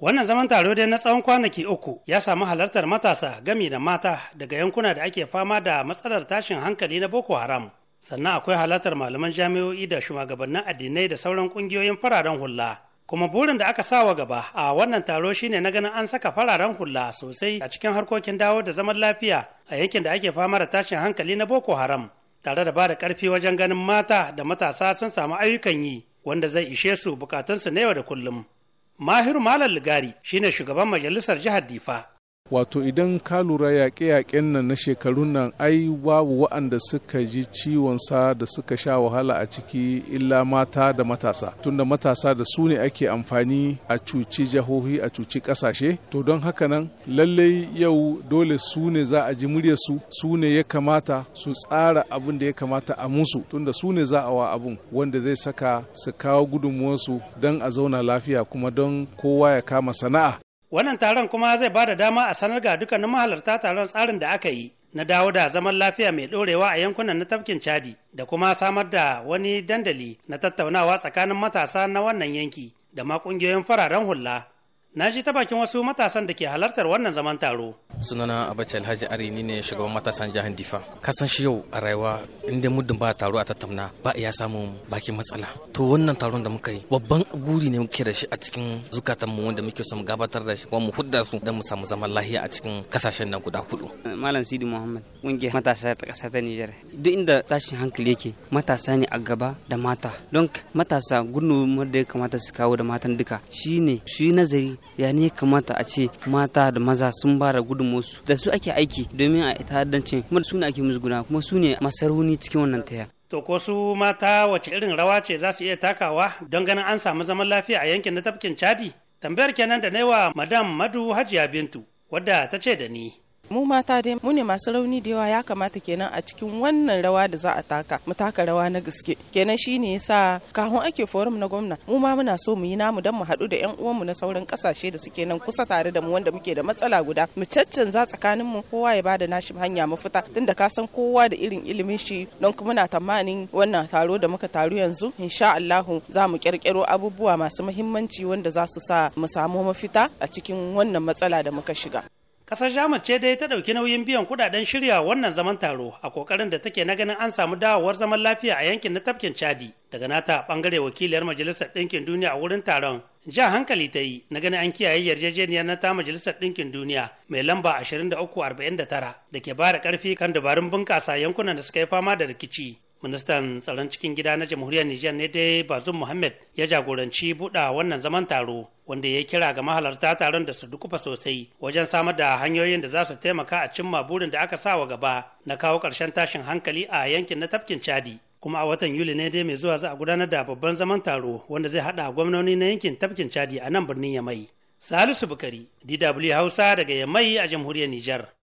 Wannan zaman taro dai na tsawon kwanaki uku ya samu halartar matasa gami da mata daga yankuna da ake fama da matsalar tashin hankali na Boko Haram. Sannan akwai halartar malaman jami'o'i da shugabannin addinai da sauran ƙungiyoyin fararen hula. Kuma burin da aka sawa gaba a wannan taro shine na ganin an saka fararen hula sosai a cikin harkokin dawo da zaman lafiya a yankin da ake fama da tashin hankali na Boko Haram. Tare da ba da ƙarfi wajen ganin mata da matasa sun samu ayyukan yi wanda zai ishe su bukatunsu na yau da kullum. mahiru Malal Ligari shine shugaban majalisar jihar Difa wato idan ka lura yaƙe-yaƙen nan na shekarun nan ai babu wa'anda suka ji ciwon sa da suka sha wahala a ciki illa mata da matasa tunda matasa da su ne ake amfani a cuci jahohi a cuci ƙasashe to don haka nan lallai yau dole su ne za a ji muryarsu su ne ya kamata su tsara abin da ya kamata a musu tunda su ne za a wa abun wanda zai saka su kawo gudunmuwarsu don a zauna lafiya kuma don kowa ya kama sana'a Wannan taron kuma zai ba da dama a sanar ga dukkanin mahalarta taron tsarin da aka yi na dawo da zaman lafiya mai ɗorewa a yankunan na tafkin Chadi da kuma samar da wani dandali na tattaunawa tsakanin matasa na wannan yanki da ma ƙungiyoyin fararen hula. Na ji ta bakin wasu matasan da ke halartar wannan zaman taro. Sunana Abacha Alhaji arini ne shugaban matasan jihar Difa. Ka shi yau a rayuwa inda muddin ba taro a tattauna ba iya samun bakin matsala. To wannan taron da muka yi babban guri ne muke da shi a cikin zukatan mu wanda muke so gabatar da shi kuma mu hudda su don mu samu zaman lahiya a cikin kasashen nan guda hudu. Malam Sidi Muhammad kungiyar matasa ta kasa ta Nijar. Duk inda tashin hankali yake matasa ne a gaba da mata. Don matasa gudunmuwar da ya kamata su kawo da matan duka shine su yi nazari ya ne kamata a ce mata da maza sun ba da wasu da su ake aiki domin a ta'addancin kuma da su ne ake musguna kuma su ne masaruni cikin wannan taya. To ko su mata wace irin rawa ce za su iya takawa don ganin an samu zaman lafiya a yankin na tafkin Chadi? Tambayar kenan da na wa Madam Madu Hajiya Bintu wadda ta ce da ni. mu mata dai mu ne masu rauni da yawa ya kamata kenan a cikin wannan rawa da za a taka mu taka rawa na gaske kenan shi shine yasa kafin ake forum na gwamna mu ma muna so mu yi namu don mu haɗu da yan uwanmu na sauran kasashe da suke nan kusa tare da mu wanda muke da matsala guda mu caccanza tsakanin mu kowa ya bada nashi hanya mafita tunda ka san kowa da irin ilimin shi don kuma muna tamanin wannan taro da muka taru yanzu insha Allahu za mu kirkiro abubuwa masu muhimmanci wanda za su sa mu samu mafita a cikin wannan matsala da muka shiga kasar Jamus ce dai ta ɗauki nauyin biyan kuɗaɗen shirya wannan zaman taro a kokarin da take na ganin an samu dawowar zaman lafiya a yankin na tafkin Chadi. Daga nata ɓangare wakiliyar Majalisar Ɗinkin Duniya a wurin taron ja hankali ta yi na ganin an kiyaye yarjejeniyar na ta majalisar ɗinkin duniya mai lamba 2349 da ke ba da ƙarfi kan dabarun bunƙasa yankunan da suka yi fama da rikici ministan tsaron cikin gida na jamhuriyar nijar ne dai bazum muhammad ya jagoranci buɗa wannan zaman taro wanda ya kira ga mahalarta taron da su dukufa sosai wajen samar da hanyoyin da za su taimaka a cimma burin da aka sa wa gaba na kawo ƙarshen tashin hankali a yankin na tafkin Chadi. kuma a watan yuli ne dai mai zuwa za a gudanar da babban zaman taro wanda zai hada gwamnoni na yankin tafkin chadi a nan birnin yamai salisu bukari dw hausa daga yamai a jamhuriyar nijar